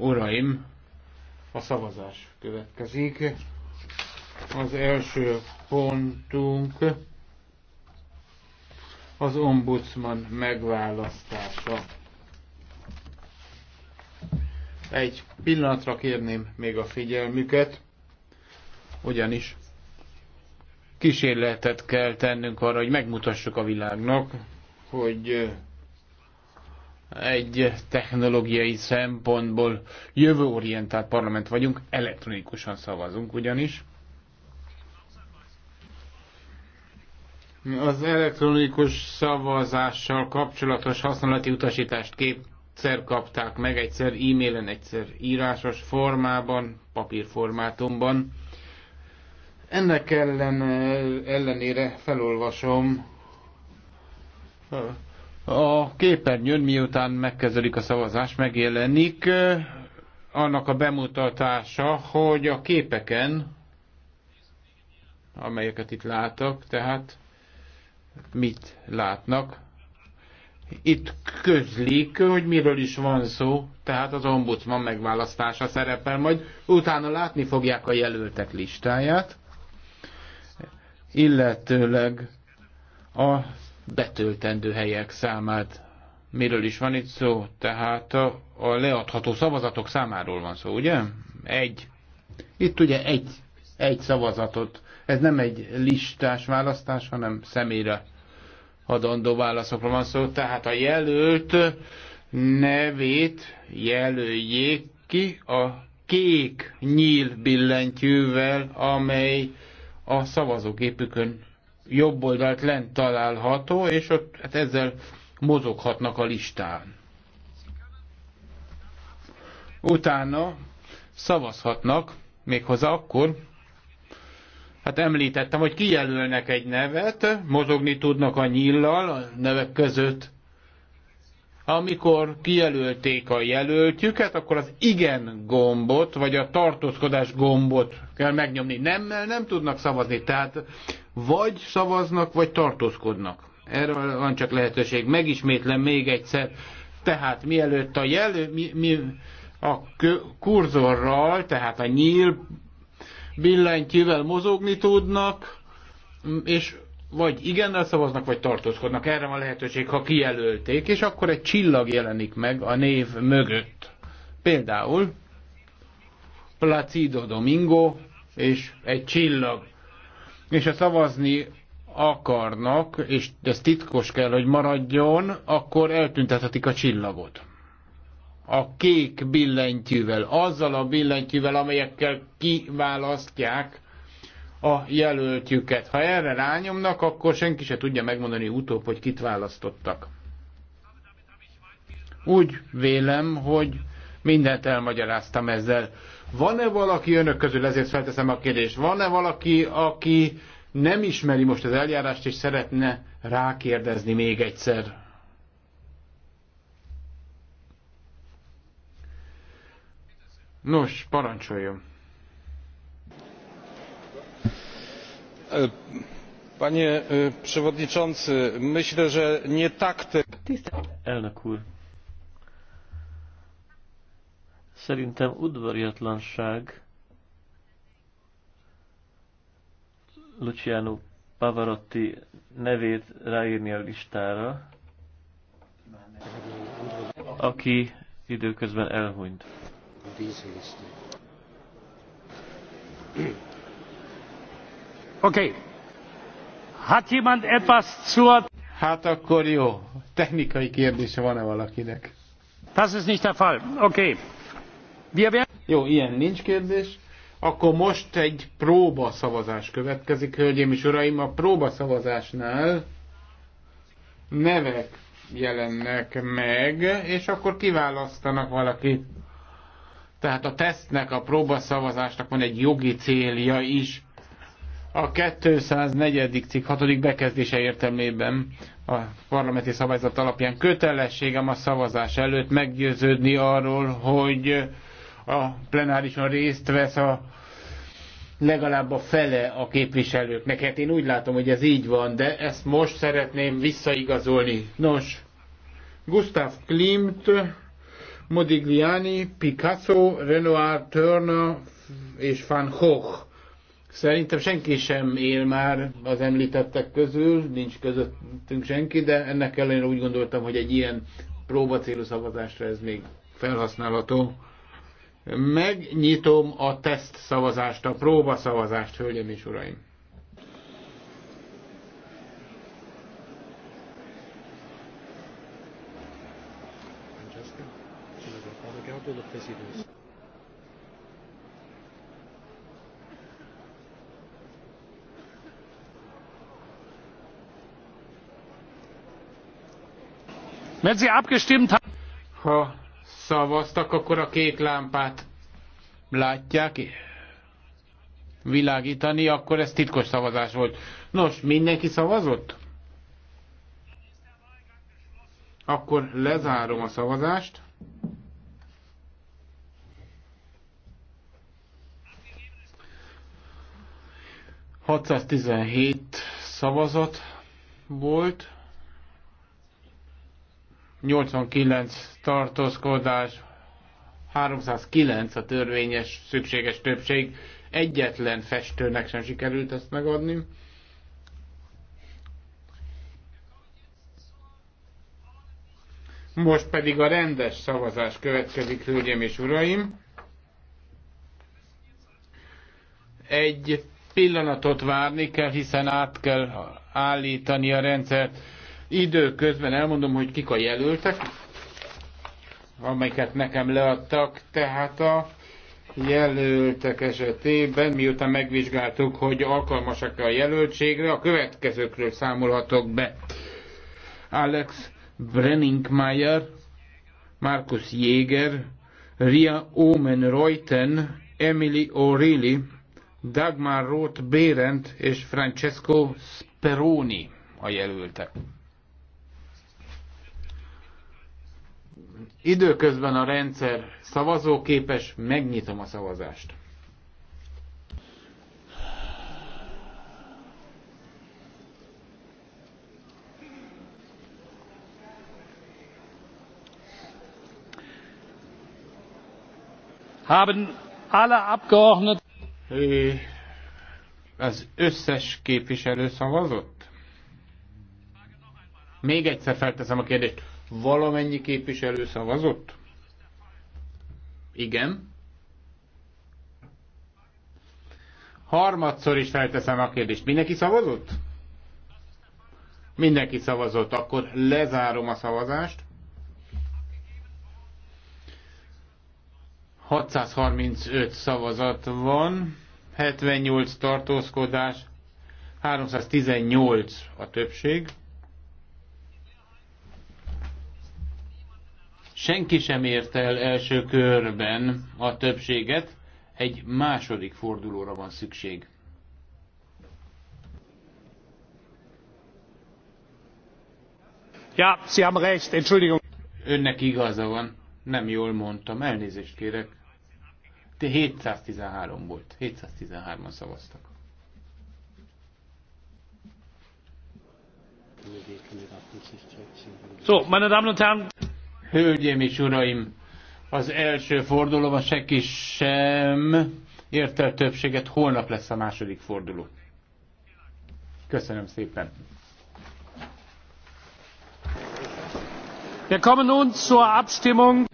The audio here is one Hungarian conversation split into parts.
Uraim, a szavazás következik. Az első pontunk az ombudsman megválasztása. Egy pillanatra kérném még a figyelmüket, ugyanis kísérletet kell tennünk arra, hogy megmutassuk a világnak, hogy egy technológiai szempontból jövőorientált parlament vagyunk, elektronikusan szavazunk ugyanis. Az elektronikus szavazással kapcsolatos használati utasítást kétszer kapták meg, egyszer e-mailen, egyszer írásos formában, papírformátumban. Ennek ellen, ellenére felolvasom a képernyőn, miután megkezdődik a szavazás, megjelenik annak a bemutatása, hogy a képeken, amelyeket itt látok, tehát mit látnak, itt közlik, hogy miről is van szó, tehát az ombudsman megválasztása szerepel, majd utána látni fogják a jelöltek listáját, illetőleg a betöltendő helyek számát. Miről is van itt szó? Tehát a, a leadható szavazatok számáról van szó, ugye? Egy. Itt ugye egy, egy szavazatot. Ez nem egy listás választás, hanem személyre adandó válaszokra van szó. Tehát a jelölt nevét jelöljék ki a kék nyíl billentyűvel, amely a szavazóképükön jobb oldalt lent található, és ott hát ezzel mozoghatnak a listán. Utána szavazhatnak, méghozzá akkor, hát említettem, hogy kijelölnek egy nevet, mozogni tudnak a nyillal a nevek között. Amikor kijelölték a jelöltjüket, akkor az igen gombot, vagy a tartózkodás gombot kell megnyomni. Nemmel nem tudnak szavazni, tehát vagy szavaznak, vagy tartózkodnak. Erről van csak lehetőség. Megismétlem még egyszer. Tehát mielőtt a jelő, mi, mi, a kurzorral, tehát a nyíl billentyűvel mozogni tudnak, és vagy igennel szavaznak, vagy tartózkodnak. Erre van lehetőség, ha kijelölték, és akkor egy csillag jelenik meg a név mögött. Például Placido Domingo, és egy csillag és ha szavazni akarnak, és ez titkos kell, hogy maradjon, akkor eltüntethetik a csillagot. A kék billentyűvel, azzal a billentyűvel, amelyekkel kiválasztják a jelöltjüket. Ha erre rányomnak, akkor senki se tudja megmondani utóbb, hogy kit választottak. Úgy vélem, hogy Mindent elmagyaráztam ezzel. Van-e valaki önök közül, ezért felteszem a kérdést, van-e valaki, aki nem ismeri most az eljárást, és szeretne rákérdezni még egyszer? Nos, parancsoljon. Panie e, przewodniczący, myślę, że nie tak te... Elnök úr, Szerintem udvariatlanság Luciano Pavarotti nevét ráírni a listára, aki időközben elhunyt. Oké. Hát jemand etwas zur... Hát akkor jó. Technikai kérdése van-e valakinek? Das ist nicht der Fall. Oké. Okay. Jó, ilyen nincs kérdés. Akkor most egy próba szavazás következik, hölgyeim és uraim. A próba szavazásnál nevek jelennek meg, és akkor kiválasztanak valakit. Tehát a tesztnek, a próbaszavazásnak van egy jogi célja is. A 204. cikk 6. bekezdése értelmében a parlamenti szabályzat alapján kötelességem a szavazás előtt meggyőződni arról, hogy a plenárison részt vesz a legalább a fele a képviselőknek. Hát én úgy látom, hogy ez így van, de ezt most szeretném visszaigazolni. Nos, Gustav Klimt, Modigliani, Picasso, Renoir, Turner és Van Gogh. Szerintem senki sem él már az említettek közül, nincs közöttünk senki, de ennek ellenére úgy gondoltam, hogy egy ilyen próbacélú szavazásra ez még felhasználható. Megnyitom a teszt szavazást, a próba szavazást, hölgyeim és uraim. Wenn Sie abgestimmt haben, ha szavaztak, akkor a kék lámpát látják világítani, akkor ez titkos szavazás volt. Nos, mindenki szavazott? Akkor lezárom a szavazást. ...617 szavazat volt. 89 tartózkodás, 309 a törvényes szükséges többség. Egyetlen festőnek sem sikerült ezt megadni. Most pedig a rendes szavazás következik, hölgyeim és uraim. Egy pillanatot várni kell, hiszen át kell állítani a rendszert. Időközben elmondom, hogy kik a jelöltek, amelyeket nekem leadtak, tehát a jelöltek esetében, miután megvizsgáltuk, hogy alkalmasak -e a jelöltségre, a következőkről számolhatok be. Alex Brenningmeier, Markus Jäger, Ria Omen Reuten, Emily O'Reilly, Dagmar Roth Berend és Francesco Speroni a jelöltek. időközben a rendszer szavazóképes, megnyitom a szavazást. Haben alle Abgeordneten az összes képviselő szavazott? Még egyszer felteszem a kérdést. Valamennyi képviselő szavazott? Igen. Harmadszor is felteszem a kérdést. Mindenki szavazott? Mindenki szavazott. Akkor lezárom a szavazást. 635 szavazat van, 78 tartózkodás, 318 a többség. senki sem ért el első körben a többséget, egy második fordulóra van szükség. Ja, Sie haben recht, Entschuldigung. Önnek igaza van. Nem jól mondtam, elnézést kérek. De 713 volt. 713-an szavaztak. So, meine Damen und Herren. Hölgyeim és uraim, az első fordulóban senki sem ért el többséget, holnap lesz a második forduló. Köszönöm szépen. Wir kommen nun zur Abstimmung.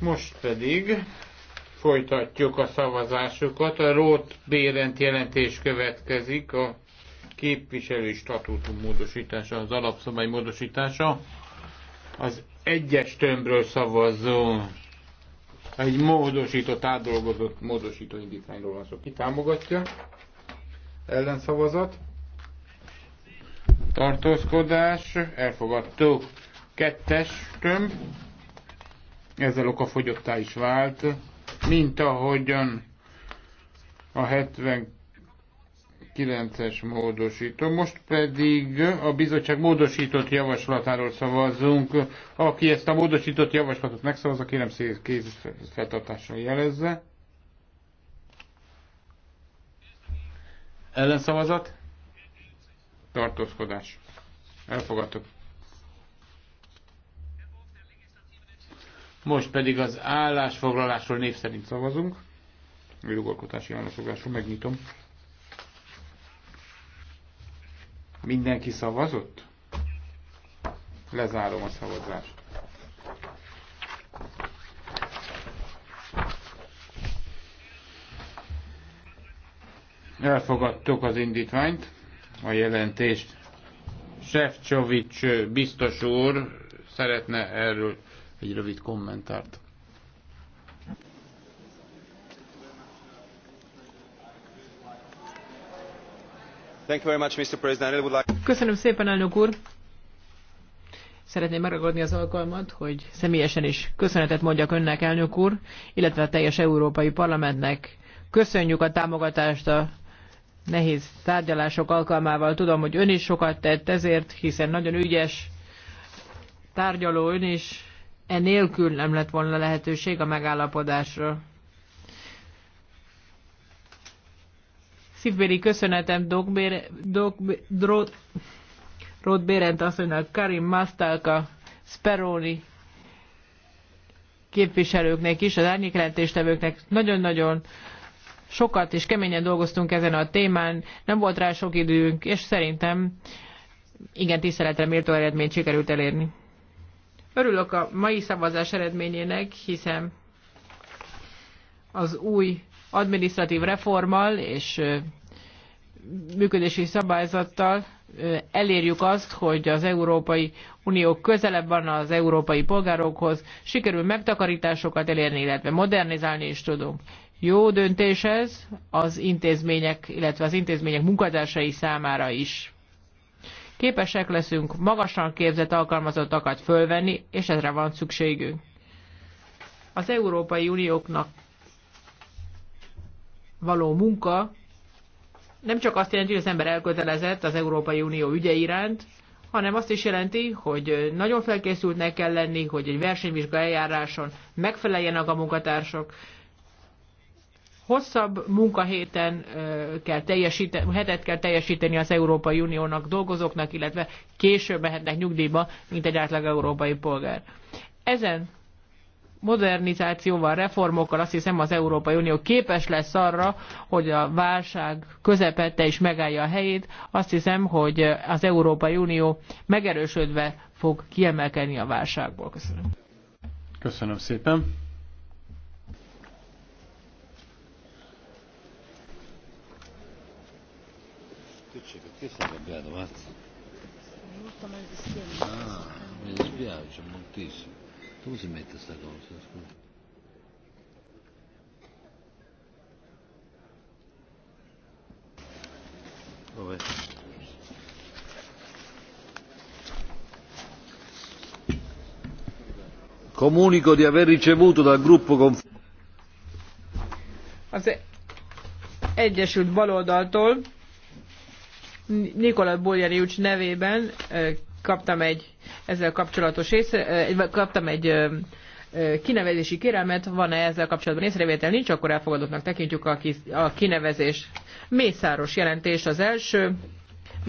Most pedig folytatjuk a szavazásokat. A Rót Bérent jelentés következik, a képviselői statútum módosítása, az alapszabály módosítása. Az egyes tömbről szavazó Egy módosított, átdolgozott módosító indítványról van szó. Ki támogatja? Ellenszavazat? Tartózkodás? Elfogadtuk. Kettes tömb. Ezzel okafogyottá is vált. Mint ahogyan a 70 9-es módosító. Most pedig a bizottság módosított javaslatáról szavazzunk. Aki ezt a módosított javaslatot megszavazza, kérem kézfeltartással jelezze. Ellenszavazat? Tartózkodás. Elfogadtuk. Most pedig az állásfoglalásról név szerint szavazunk. Jogorkotási állásfoglalásról megnyitom. Mindenki szavazott? Lezárom a szavazást. Elfogadtuk az indítványt, a jelentést. Sefcsovics biztos úr szeretne erről egy rövid kommentárt. Köszönöm szépen, elnök úr! Szeretném megragadni az alkalmat, hogy személyesen is köszönetet mondjak önnek, elnök úr, illetve a teljes Európai Parlamentnek. Köszönjük a támogatást a nehéz tárgyalások alkalmával. Tudom, hogy ön is sokat tett ezért, hiszen nagyon ügyes tárgyaló ön is. Enélkül nem lett volna lehetőség a megállapodásra. Szívbéli köszönetem Rod Bérent asszonynak, Karim Mastalka, Speroni képviselőknek is, az árnyékjelentéstevőknek nagyon-nagyon sokat és keményen dolgoztunk ezen a témán, nem volt rá sok időnk, és szerintem igen tiszteletre méltó eredményt sikerült elérni. Örülök a mai szavazás eredményének, hiszen az új administratív reformmal és működési szabályzattal elérjük azt, hogy az Európai Unió közelebb van az európai polgárokhoz, sikerül megtakarításokat elérni, illetve modernizálni is tudunk. Jó döntés ez az intézmények, illetve az intézmények munkatársai számára is. Képesek leszünk magasan képzett alkalmazottakat fölvenni, és ezre van szükségünk. Az Európai Unióknak való munka nem csak azt jelenti, hogy az ember elkötelezett az Európai Unió ügye iránt, hanem azt is jelenti, hogy nagyon felkészültnek kell lenni, hogy egy versenyvizsga eljáráson megfeleljenek a munkatársok. hosszabb munkahéten kell teljesíteni, hetet kell teljesíteni az Európai Uniónak dolgozóknak, illetve később mehetnek nyugdíjba, mint egy átlag európai polgár. Ezen modernizációval, reformokkal azt hiszem az Európai Unió képes lesz arra, hogy a válság közepette is megállja a helyét. Azt hiszem, hogy az Európai Unió megerősödve fog kiemelkedni a válságból. Köszönöm. Köszönöm szépen. Köszönöm, Beadomát. Ah, mi dispiace moltissimo. Tu si mette sta cosa, scusa. Dov'è? Comunico di aver ricevuto dal gruppo Az Egyesült Baloldaltól Nikola nevében eh, kaptam egy ezzel kapcsolatos észre, kaptam egy kinevezési kérelmet, van-e ezzel kapcsolatban észrevétel, nincs, akkor elfogadottnak tekintjük a, kinevezést. Mészáros jelentés az első,